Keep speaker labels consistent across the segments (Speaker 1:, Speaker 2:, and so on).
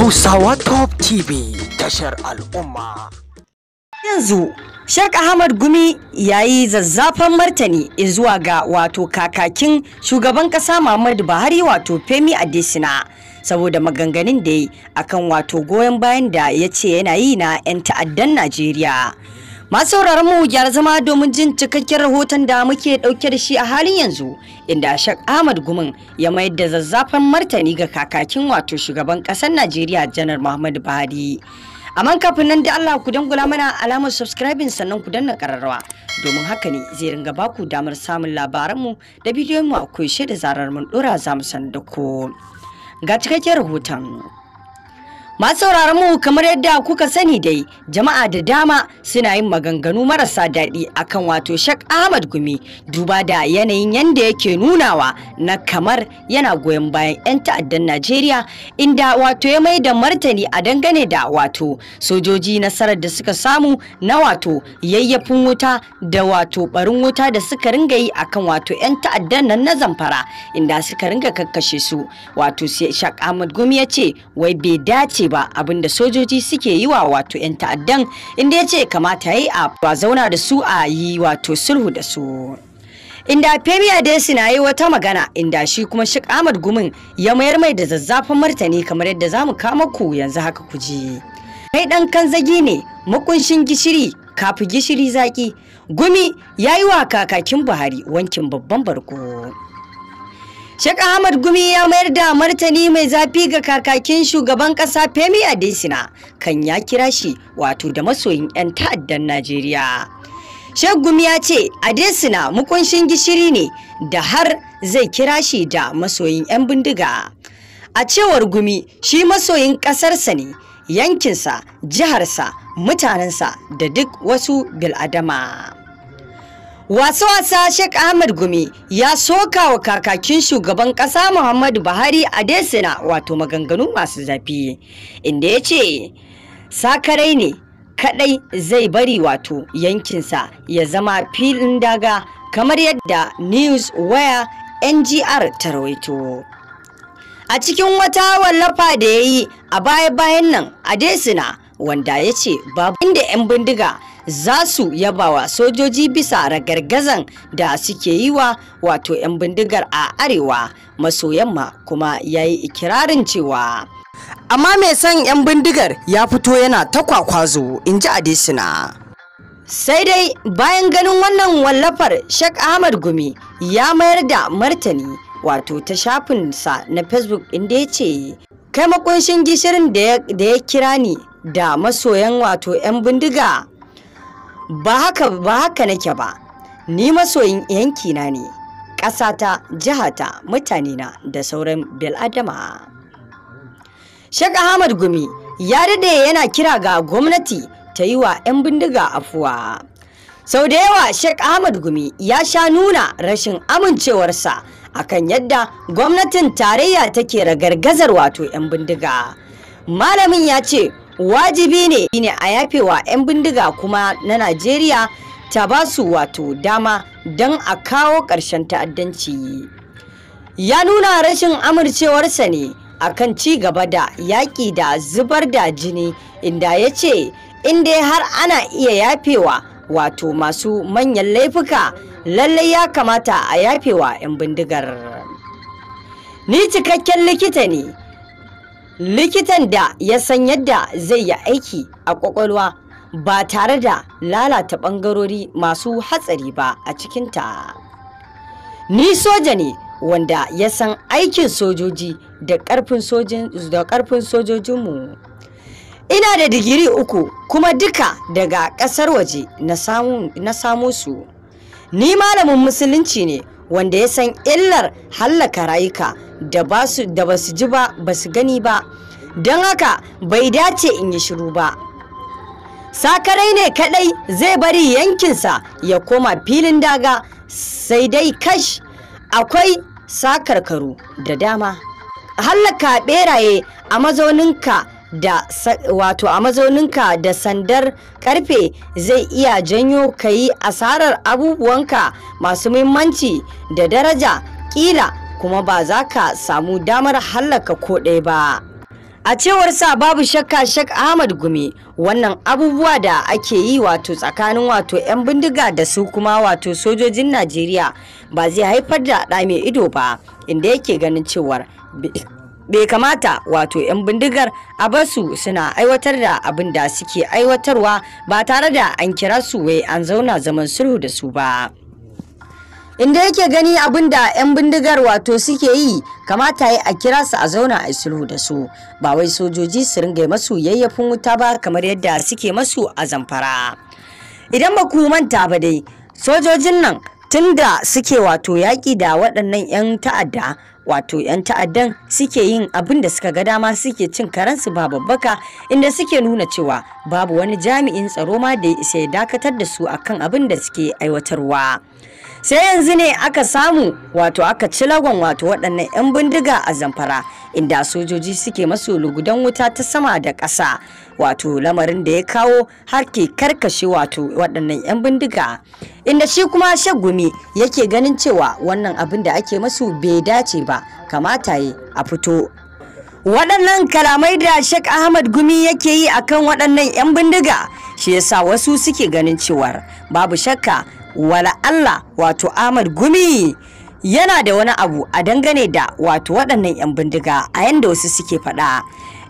Speaker 1: Hausawa Top TV tashar al'umma. Yanzu Sheikh Ahmad Gumi ya yi zazzafan martani zuwa ga wato kakakin shugaban kasa Muhammadu Buhari wato Femi Adesina saboda maganganun da yi akan wato goyon bayan da ya ce yana yi na 'yan ta'addan Najeriya. Masu sauraron mu gyara zama domin jin cikakken rahoton da muke dauke da shi a halin yanzu inda shak Ahmad Gumin ya mayar da zazzafan martani ga kakakin wato shugaban kasar Najeriya Janar Muhammadu Buhari. Aman kafin nan da Allah ku dangula mana alamar subscribing sannan ku danna kararrawa domin haka ne zai ringa baku damar samun labaran mu da bidiyon mu akwai koyashe da zarar mun dora za mu san da ku. Ga cikakken rahoton. Masu sauraron mu kamar yadda kuka sani dai jama'a da dama suna yin maganganu marasa daɗi akan wato Shak Ahmad Gumi duba da yanayin yanda yake nunawa na kamar yana goyon bayan 'yan ta'addan Najeriya inda wato ya mai da martani a dangane da wato sojoji nasarar da suka samu na wato yayyafin wuta da wato barin wuta da suka ringa yi akan wato 'yan ta'addan nan na zamfara inda suka ringa kakkashe su wato Shak Ahmad Gumi ya ce wai bai dace ba abinda sojoji suke yi wa wato 'yan ta'addan inda ya ce kamata ya yi a zauna da su a yi wato sulhu da su. inda Femi Adesi na yi wata magana inda shi kuma shi Ahmad Gumin ya mayar mai da zazzafin martani kamar yadda za mu kama ku yanzu haka ku je. Kai ɗan kan zagi ne makunshin gishiri kafi gishiri zaki. Gumi ya yi wa kakakin Buhari wankin babban barko. Sheikh Ahmad Gumi ya mayar da martani mai zafi ga kakakin shugaban kasa Femi Adesina kan ya kira shi wato da masoyin 'yan ta'addan Najeriya. Sheikh Gumi ya ce Adesina mukunshin gishiri ne da har zai kira shi da masoyin 'yan bindiga. A cewar Gumi shi masoyin ƙasarsa ne, yankinsa, jiharsa, mutanensa da duk wasu bil'adama. Wasu wasa Sheikh Ahmad Gumi ya soka wa kakakin shugaban ƙasa Muhammadu Buhari a Desina wato maganganu masu zafi inda ya ce sakarai ne kadai zai bari wato yankinsa ya zama filin daga kamar yadda News Wire NGR ta rawaito. A cikin wata wallafa da ya yi a baya-bayan nan a Desina wanda ya ce babu inda 'yan bindiga za su yabawa sojoji bisa ragargazan da suke yi wa wato 'yan bindigar a arewa maso yamma kuma ya yi ikirarin cewa amma mai son 'yan bindigar ya fito yana ta kwakwazo in ji adesina sai dai bayan ganin wannan wallafar shek ahmad gumi ya mayar da martani wato ta shafin sa na facebook inda ya ce kai makunshin gishirin da ya kira ni da masoyan wato 'yan bindiga ba haka nake ba ni masoyin yankina ne ƙasata jihata mutanena da sauran bil'adama Sheikh Ahmad Gumi ya daɗe yana kira ga gwamnati ta yi wa 'yan bindiga afuwa. Sau da yawa Sheikh Ahmad Gumi ya sha nuna rashin amincewarsa akan yadda gwamnatin tarayya take ragargazar wato 'yan bindiga. Malamin ya ce wajibi ne ne a yafewa 'yan bindiga kuma na najeriya ta ba su wato dama don a kawo ƙarshen ta'addanci ya nuna rashin amurcewarsa ne kan ci gaba da yaƙi da zubar da jini inda ya ce inda har ana iya yafewa wato masu manyan laifuka lallai ya kamata a yafewa 'yan bindigar ni cikakken likita ne likitan da ya san yadda zai yi aiki a kwakwalwa ba tare da lalata ɓangarori masu hatsari ba a cikinta. Ni soja ne wanda ya san aikin sojoji da ƙarfin sojojinmu. Ina da digiri uku kuma duka daga ƙasar waje na samu su. Ni malamin musulunci ne wanda ya san illar hallaka rayuka da ba su ji ba ba su gani ba don haka bai dace in yi shiru ba sakarai ne kadai zai bari yankinsa ya koma filin daga sai dai kash akwai sakarkaru da dama hallaka beraye a mazauninka da wato a mazauninka da sandar karfe zai iya janyo ka yi asarar abubuwanka masu muhimmanci da daraja kila kuma ba za ka samu damar hallaka ko ɗaya ba a cewar sa babu shakka shak ahmad gumi wannan abubuwa da ake yi wato tsakanin wato 'yan bindiga da su kuma wato sojojin najeriya ba zai haifar da ɗa mai ido ba inda yake ganin cewar bai kamata wato 'yan bindigar a basu suna aiwatar da abin da suke aiwatarwa ba tare da an kira su wai an zauna zaman sulhu da su ba. inda yake gani abin da 'yan bindigar wato suke yi kamata ya a kira su a zauna a sulhu da su ba wai sojoji su ringa masu yayyafin wuta ba kamar yadda suke masu a zamfara idan ba ku manta ba dai sojojin nan tunda suke wato yaƙi da waɗannan 'yan ta'adda wato 'yan ta'addan suke yin abin da suka ga dama suke cin karensu ba babbaka inda suke nuna cewa babu wani jami'in tsaro ma da ya dakatar da su akan abin da suke aiwatarwa sai yanzu ne aka samu wato aka ci lagon wato waɗannan 'yan bindiga a zamfara inda sojoji suke masu lugudan wuta ta sama da ƙasa wato lamarin da ya kawo har ke karkashe wato waɗannan 'yan bindiga inda shi kuma shagumi yake ganin cewa wannan abin da ake masu bai dace ba kamata yi a fito waɗannan kalamai da shek Ahmad Gumi yake yi akan waɗannan 'yan bindiga shi yasa wasu suke ganin cewar babu shakka wala Allah wato Ahmad Gumi yana da wani abu a dangane da wato waɗannan 'yan bindiga a yanda wasu suke faɗa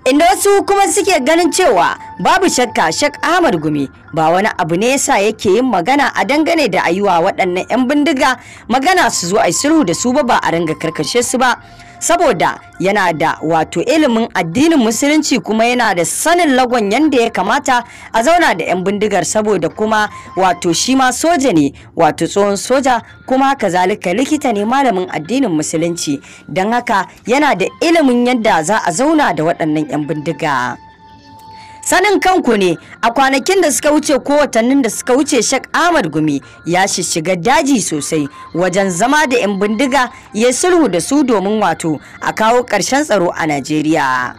Speaker 1: inda wasu kuma suke ganin cewa babu shakka shak ahmad gumi ba wani abu ne yasa yake yin magana a dangane da ayuwa waɗannan 'yan bindiga magana su zo a yi sulhu da su ba ba a ringa karkashe su ba saboda yana da wato ilimin addinin musulunci kuma yana da sanin lagon yadda ya kamata a zauna da 'yan bindigar saboda kuma wato shi ma soja ne wato tsohon soja kuma kazalika likita ne malamin addinin musulunci don haka yana da ilimin yadda za a zauna da waɗannan 'yan bindiga. sanin kanku ne a kwanakin da suka wuce ko watannin da suka wuce shak ahmad gumi ya shiga daji sosai wajen zama da 'yan bindiga ya sulhu da su domin wato a kawo karshen tsaro a najeriya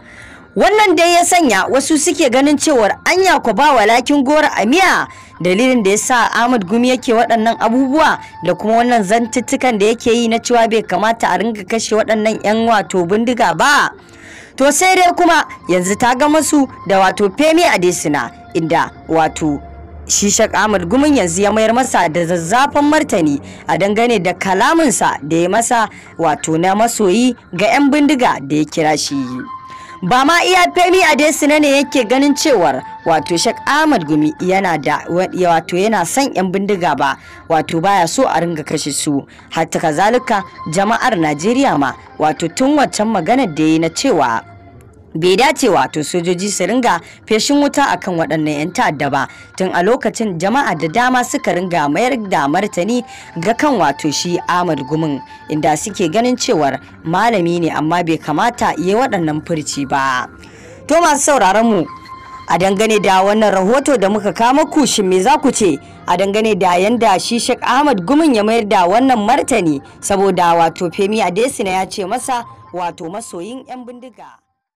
Speaker 1: wannan dai ya sanya wasu suke ganin cewar anya ku ba walakin gora a miya dalilin da ya sa ahmad gumi yake waɗannan abubuwa da kuma wannan zantuttukan da yake yi na cewa bai kamata a ringa kashe waɗannan 'yan wato bindiga ba to sai dai kuma yanzu ta ga masu da wato femi adesina inda wato shishak ahmad gumin yanzu ya mayar masa da zazzafan martani a dangane da kalaminsa da ya masa wato na masoyi ga 'yan bindiga da ya kira shi ba ma iya femi desina ne yake ganin cewar wato shak ahmad gumi yana da wato yana son yan bindiga ba wato baya so a ringa kashe su hatta kazalika jama'ar najeriya ma wato tun waccan maganar da yi na cewa bai dace wato sojoji su ringa feshin wuta akan waɗannan 'yan ta'adda ba tun a lokacin jama'a da dama suka ringa mayar da martani ga kan wato shi Ahmad Gumin inda suke ganin cewar malami ne amma bai kamata ya waɗannan furci ba. To masu sauraron mu a dangane da wannan rahoto da muka kama kushin me za ku ce a dangane da yanda shi Sheikh Ahmad Gumin ya mayar da wannan martani saboda wato Femi Adesina ya ce masa wato masoyin 'yan bindiga.